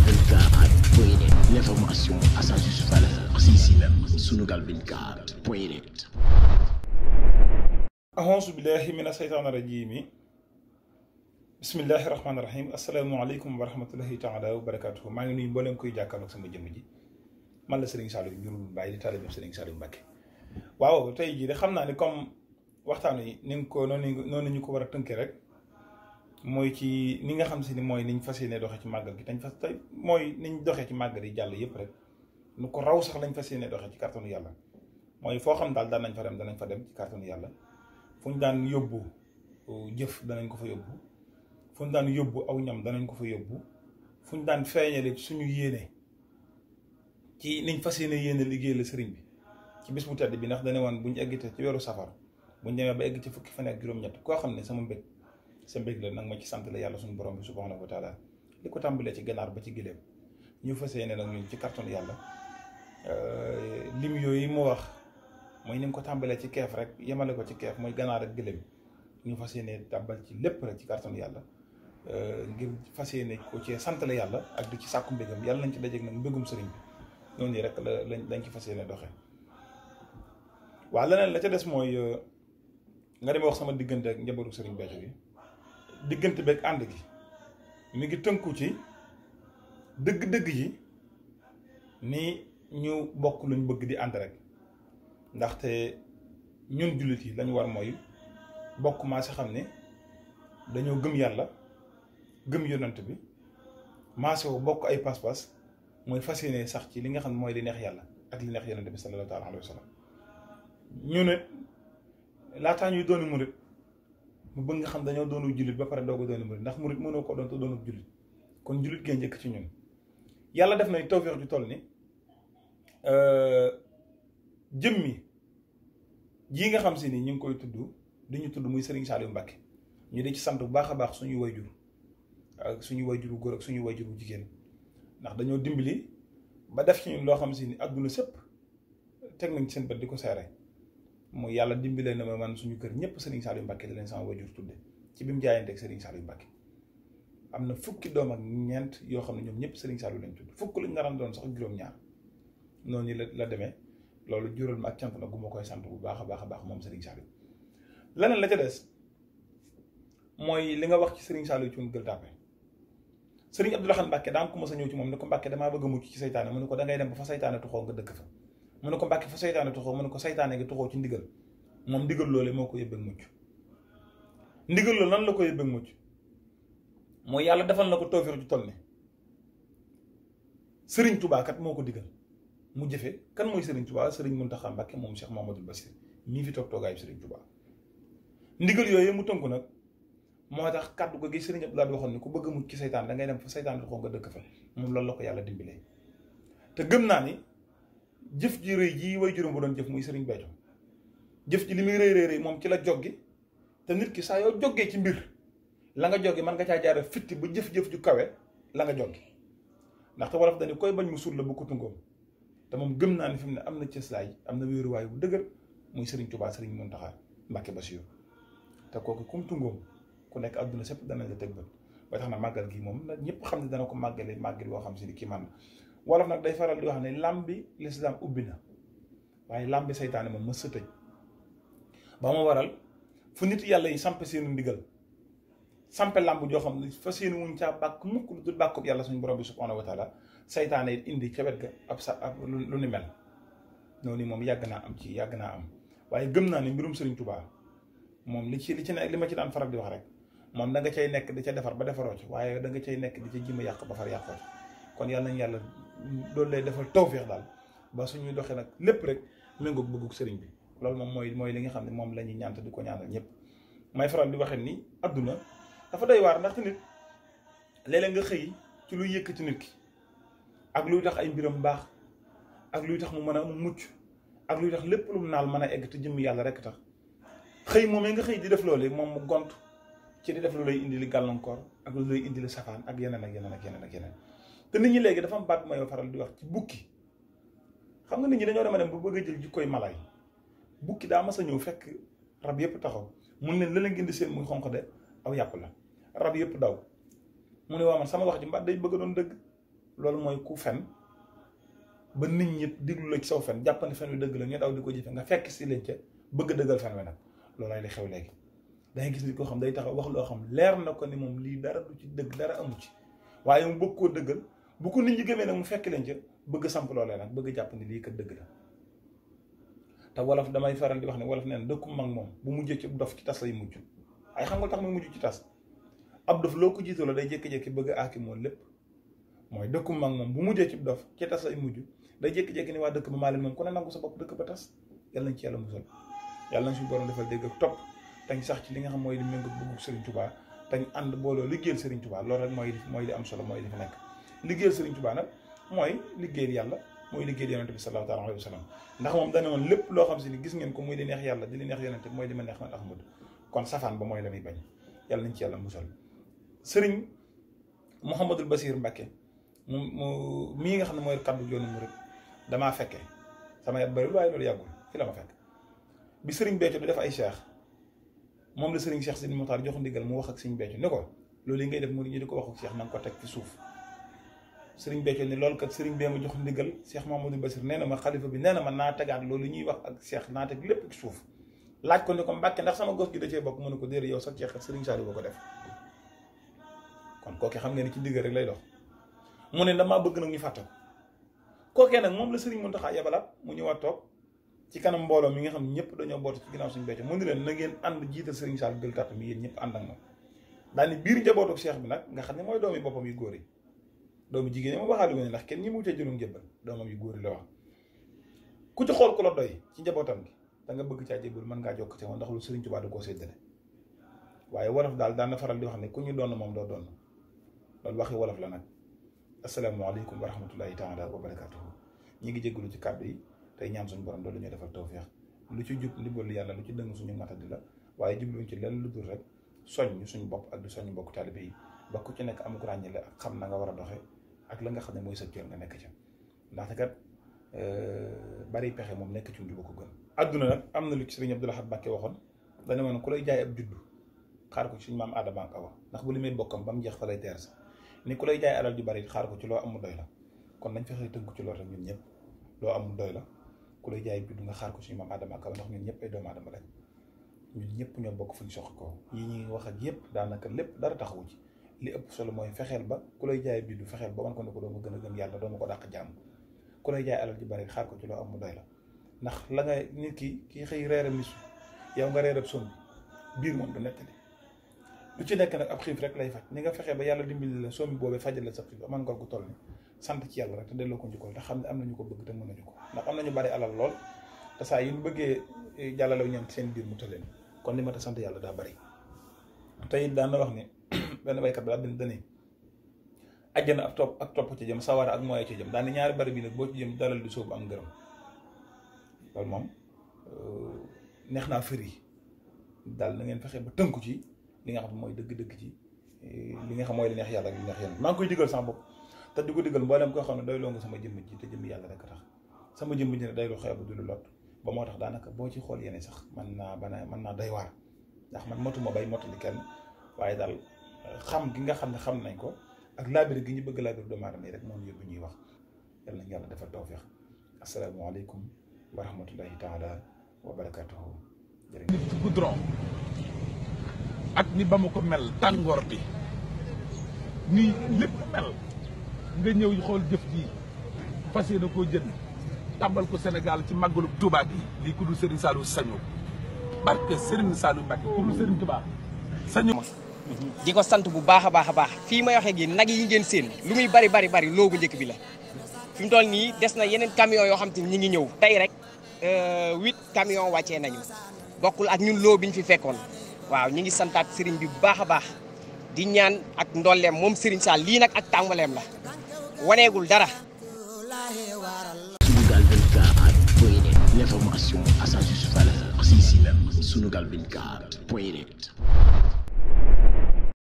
sunugal24.net l'information à sa juste valeur c'est ici même sunugal24.net ahonsu billahi mina seytaani rajiimi bismillahi rahmaani rahiim asalaamaaleykum wa rahmatullahi taala wa barakaatuhu maa ngi nuyu mboolem koy jàkkaarloo sama jëmm ji man la Serigne Saliou Ndiourou Mbaye di taalibe Serigne Saliou Mbacké waaw tey jii xam naa ni comme waxtaan yi ni nga ko noonu ñu ko war a tënkee rek mooy ci ni nga xam si ni mooy niñ fas yéene doxee ci màggal gi dañ fas tey mooy niñ doxee ci màggal yi jàll yëpp rek nu ko raw sax lañ fas yéene doxee ci kàttanu yàlla mooy foo xam daal daan nañ fa dem danañ fa dem ci kàttanu yàlla fu ñu daan yóbbu uh, jëf danañ ko fa yóbbu fu ñu daan ñam danañ ko fa yóbbu fu ñu daan feeñale suñu yéene ci niñ fas yéene yéene liggéey la sëriñ bi ci bis bu tedd bi ndax dane woon bu ñu egg ci weeru safar bu ñu demee ba egg ci fukki fan ak juróom-ñett koo xam ne sama mbég sa mbég la nag ma ci sant la yàlla suñu borom bi subhanahu wa taala li ko tàmbalee ci ganaar ba ci gëléem ñu fas yéene nag ñun ci carton yàlla euh, lim yooyu mu wax mooy ni mu ko tàmbalee ci keef rek yemale ko ci keef mooy ganaar ak gëléem ñu fas yéene tàmbal ci lépp rek ci carton yàlla euh, ngir fas yéene ko ci sant la yàlla ak di ci sàkku mbégam yàlla nañ ci dajeeg nag mbégum sëriñ bi noonu rek la lañ ci fas yéene doxe waaw leneen la ca des mooy euh, nga wax sama diggante ak njabootu sëriñ bi diggante beeg ànd gi mi ngi tënku ci dëgg-dëgg yi ni ñu bokk luñ bëgg di ànd rek ndaxte ñun jullit yi lañu war mooy bokk maa si xam ne dañoo gëm yàlla gëm yonant bi maase wu bokk ay pas-pas mooy fas yéene sax ci li nga xam ne mooy li neex yàlla ak li neex yonant bi sallallahu taala alayhi wa sallam ñu ne laataa ñuy dooni murit mu bëgg nga xam dañoo doonu jullit ba pare doog a doon murit ndax murit mënoo ko doon te doonu jullit kon jullit gee njëkk ci ñun yàlla def na tawfeex ju toll ni euh, jëmmi jii nga xam si ni ñu ngi koy tudd du ñu tudd muy Serigne Saliou Mbacke ñu di ci sant bu baax a baax suñu wayjur ak suñu wayjuru góor ak suñu wayjuru jigéen ndax dañoo dimbali ba def ci ñun loo xam si ni àdduna sëpp teg nañ seen bët di ko seere mooy yàlla dimbilee na ma man suñu kër ñëpp Serigne Saliou Mbacké da leen sama wajur tudde ci bi mu jaayanteeg Serigne Saliou Mbacké am na fukki doom ak ñeent yoo xam ne ñoom ñëpp Serigne Saliou lañ tudd fukk lañ naran doon sax juróom-ñaar noonu la la demee loolu jural ak cant na gu ma koy sant bu baax a baax a baax moom Serigne Saliou leneen la ca des mooy li nga wax ci Serigne Saliou Thioune Gueule Tapée a ci moom ne a mucc ci saytaane mu ne ko dangay dem ba fa saytaane tuxoo dëkk fa mu ne ko mbàkki fa saytaane tuxoo mu ne ko saytaane gi tuxoo ci ndigal moom ndigal loole moo ko yóbbee mucc ndigal loolu lan la ko yóbbee mucc mooy yàlla defal na ko tawfeex ju toll sëriñ Tuubaa moo ko digal mu kan mooy sëriñ Tuubaa sëriñ Muntaxa Mbàkke moom Cheikh Mamadou Bassir mii fi toog toogaayu sëriñ Tuubaa ndigal yooyu mu tënku nag moo tax kàddu ko gi sëriñ Abdoulaye waxoon ne ku bëgg mucc ci saytaan da ngay dem fa saytaan tuxoo la ko yàlla dimbilee te gëm naa ni jëf ji rëy ji way juróom bu doon jëf muy sëriñ Béthio jëf ji li muy rëy rëy moom ci la joggi te nit ki saa yoo joggee ci mbir la nga joggi man nga caa jaare fitti ba jëf-jëf ju kawe la nga joggi ndaxte wolof dañu koy bañ mu suul la bu ko tungoom te moom gëm naa ne fi mu ne am na cëslaay am na wéeruwaay bu dëgër muy sëriñ Tuubaa sëriñ Muntaxa Mbàkke Basiru te kooku kum tungoom ku nekk àdduna sépp danañ la teg bët ba tax na màggal gi moom ñëpp xam ne dana ko màggalee màggal yoo xam si ni kii man wolof nag day faral di wax ne làmbi lislaam ubbi na waaye làmbi seytaane moom mës sa ba ma waral fu nit yàlla yi sampe seenu ndigal sampe làmb joo xam ne fa seenu wuñ caa bàkk mukk lu dul bàkkub yàlla suñu borom bi subhaanahu wa taala indi ca wet ga ab sa ab lu ni mel noonu moom yàgg naa am ci yàgg naa am waaye gëm naa ni mbirum Sëriñ tubaa moom li ci li ci ne li ma ci daan faral di wax rek moom da nga cay nekk di ca defar ba defaroo ci waaye da nga nekk di ca jima yàq ba far kon yàlla nañu yàlla loolu lay defal tawféex daal ba suñuy doxee nag lépp rek méngoog bëggug sëriñ bi loolu moom mooy mooy li nga xam ne moom la ñuy ñaanta di ko ñëpp may faral di waxee ni adduna dafa doy waar ndaxte nit léeg nga xëy ci luy yëkkati nit ki ak luy tax ay mbiram baax ak luy tax mu mën a mucc ak luy tax lépp lu mu naal mën a egg te jëmm yàlla rek tax xëy moomee nga xëy di def loolee moom mu gont ci di def lu lay indi li gàllankoor ak lu lay indi li ak yeneen ak yeneen ak yeneen ak yeneen te nit ñi léegi dafa am baat mooy faral di wax ci bukki xam nga nit ñi dañoo dem a dem ba bëgg a jël jikkoy mala yi bukki daa mas a ñëw fekk rab yëpp taxaw mun leen la leen gën di seen xonq de aw yàpp la rab yëpp daw mu ne waa man sama wax ji mbaat day bëgg doon dëgg loolu mooy ku fen ba nit ñi diglu la ci saw fen jàpp ne fen wi dëgg la ñu daw di ko jëfe nga fekk si leen ca bëgg dëggal fen we nag loolay li xew léegi dangay gis nit koo xam day taxaw wax loo xam leer na ko ni moom lii dara du ci dëgg dara amu ci waaye mu bëgg bu ko nit ñi gëmee nag mu fekk leen ca bëgg samp loolee nag jàpp ni lii kat dëgg la te wolof damay faral di wax ne wolof nee na dëkku mag bu mujjee ci dof ci tas lay mujj ay xam nga tax muy mujj ci tas ab dof loo ko jiitu la day jékki-jékki bëgg aaki moom lépp mooy dëkku mag moom bu mujjee ci dof ci tas lay mujj day jékki-jékki ni dëkk ba maa leen moom ku ne nangu sa bopp dëkk ba tas yàlla nañ ci yàlla musal yàlla nañ dégg ak topp sax ci li nga xam mooy li méngoo bëggu Serigne Touba ànd booloo liggéeyal Serigne Touba loolu rek mooy mooy di am solo mooy di fi nekk liggéeyal Sëriñ Tuubaa nag mooy liggéeyal yàlla mooy liggéeyal yonente bi sallallahu taala alayhi wa moom dane lépp loo xam si ni gis ngeen ko muy di neex yàlla di li neex yonente mooy di ma neex man Ahmad kon safaan ba mooy la muy bañ yàlla nañ ci yàlla musal sëriñ Mouhamadul Basir Mbacke mu mu mii nga xam ne mooy kaddu yoonu murid damaa fekke sama yat bëriwul waaye loolu yàggul fi la ma fekk sëriñ Béthio di def ay cheikh moom la sëriñ Cheikh Sidi jox ndigal mu wax ak sëriñ Béthio ne ko loolu yi ngay def mu ñu di ko waxu ak na nga ko teg ci suuf sëriñ Béthio ni loolu kat sëriñ bee ma jox ndigal Cheikh Mamadou Bassir nee na ma xalifa bi nee ma naa tegaat loolu ñuy wax ak Cheikh naa teg lépp ci suuf laaj ko ni ko Mbàkke ndax sama gos gi da cee bokk mu ne ko déedéet sëriñ Saliou ko def kon kooke xam nga ni ci ndigal rek lay dox mu ne damaa bëgg nag ñu fàtte ko kookee nag moom la sëriñ Mountakha yabalaat mu ñëwaat toog ci kanam mbooloo mi nga xam ne dañoo bootu ci ginnaaw suñu Béthio mu ni leen na ngeen ànd jiital sëriñ Saliou Gueye Tapée mi yéen ñëpp ànd ak moom daal ni biir njabootu Cheikh bi nag nga xam ne mooy doomi boppam yu góor yi doomu jigéen ñi ma waxaale ko ne ndax kenn ñi mu ca jëloon jëbbal doomam yu góor la wax ku ci xool ku la doy ci njabootam gi da nga bëgg caa jëbbal jokk ca moom ndax lu Sëriñ Tuubaa koo séddale waaye wolof daal daan na faral di wax ne ku ñu doon moom doo doon loolu waxi wolof la nag asalaamaaleykum wa rahmatullahi taala wa barakatuhu ñi ngi jégalu ci kàddu yi tey ñaan suñu borom loolu ñu defal tawfeex lu ci jub ndimbalu yàlla lu ci dëng suñu di la waaye jubluñ ci lenn lu dul rek soññ suñu bopp ak di soññ mbokk taalibe yi ba ku ci nekk am ko ràññale ak xam na nga war a doxe ak la nga xam ne mooy sa cër nga nekk ca ndaxte kat euh, bari pexe moom nekk ci njubu ko gën. adduna nag am na lu ci sëriñ la Ahad Mbacké waxoon dana ma ne ku lay jaay ab juddu xaar ko ci suñu maam Adama ak ndax bu limee bokkam ba mu jeex fa lay teer ni ku lay jaay alal ju bari xaar ko loo amul doy la kon nañ fexe tënku ci loolu rek ñun ñëpp loo amul doy la ku lay jaay juddu nga xaar ko suñu maam Adama ak Awa ndax ñun ñëpp ay doomu aadama lañ ñun ñëpp ñoo bokk fu ñu soxla ko yi ñuy wax ak yëpp daanaka lépp dara taxawu ci li ëpp solo mooy fexeel ba ku lay jaay biddu fexeel ba man ko ne ko doo ma gën a gëm yàlla doo ko dàq jàmm ku lay jaay alal ji bari xaar ko ci loo am mu doy la ndax la nga nit ki kii xëy reeram misu yow nga reerab son biir moom du nettali lu ci nekk nag ab xiif rek lay faj ni nga fexe ba yàlla dimbali la soomi boobee fajal la sa xiif aman ngor gu toll ni sant ci yàlla rek te delloo ko njukkal te xam ne am nañu ko bëgg te mënuñu ko ndax am nañu bari alal lool te saa yu ñu bëggee eh, jàllale ñoom seen biir mu tëleen kon li ma ta sant yàlla daa bari benn baykat bi daal dina dana ajjana ak topp ak topp ci jëm sawara ak mooy ci jëm daal ñaari barab bi nag boo ci jëm dalal di sóobu am ngërëm loolu moom euh, neex naa firi daal na ngeen fexe ba tënku ci li nga xam mooy dëgg-dëgg ci euh, li nga xam mooy li neex yàlla ak li neex yàlla maa ngi koy digal sax bopp te di ko digal mboolem koo xam ne doyloo nga sama jëmm ji te jëmm yàlla rek tax sama jëm ji ne day lu xeebu du lu lot ba moo tax daanaka boo ci xool yeneen sax man naa bana mën naa day waar ndax man motuma bay mottali kenn waaye daal xam gi nga xam ne xam nañ ko ak laabir gi ñu bëgg laabir doomu aadama yi rek moom yóbbu ñuy wax yal nañ yàlla dafa tawfeex asalaamaaleykum wa rahmatullahi taala wa barakatuhu nit ci goudron ak ni ba mu ko mel tàngoor bi ni lépp mel nga ñëw xool jëf ji fas yéene koo jënd tàmbal ko Sénégal ci màggalu Touba yi lii ku dul Serigne Saliou sañu barke Serigne Saliou Mbacké ku dul Serigne Touba sañu di ko sant bu baax a baax a baax fii may waxee gi nag yi ngeen seen lu muy bari bari bari loogu jëkk bi la fi mu toll nii des na yeneen camion yoo xam te ñi ngi ñëw tey rek wit euh, camion wàccee nañu bokkul ak ñun loo bi ñu fi fekkoon waaw ñi ngi santaat sëriñ bi bu baax a baax di ñaan ak ndolleem moom sëriñ Sall lii nag ak tàmbaleem la waneegul dara Sunugal 24 point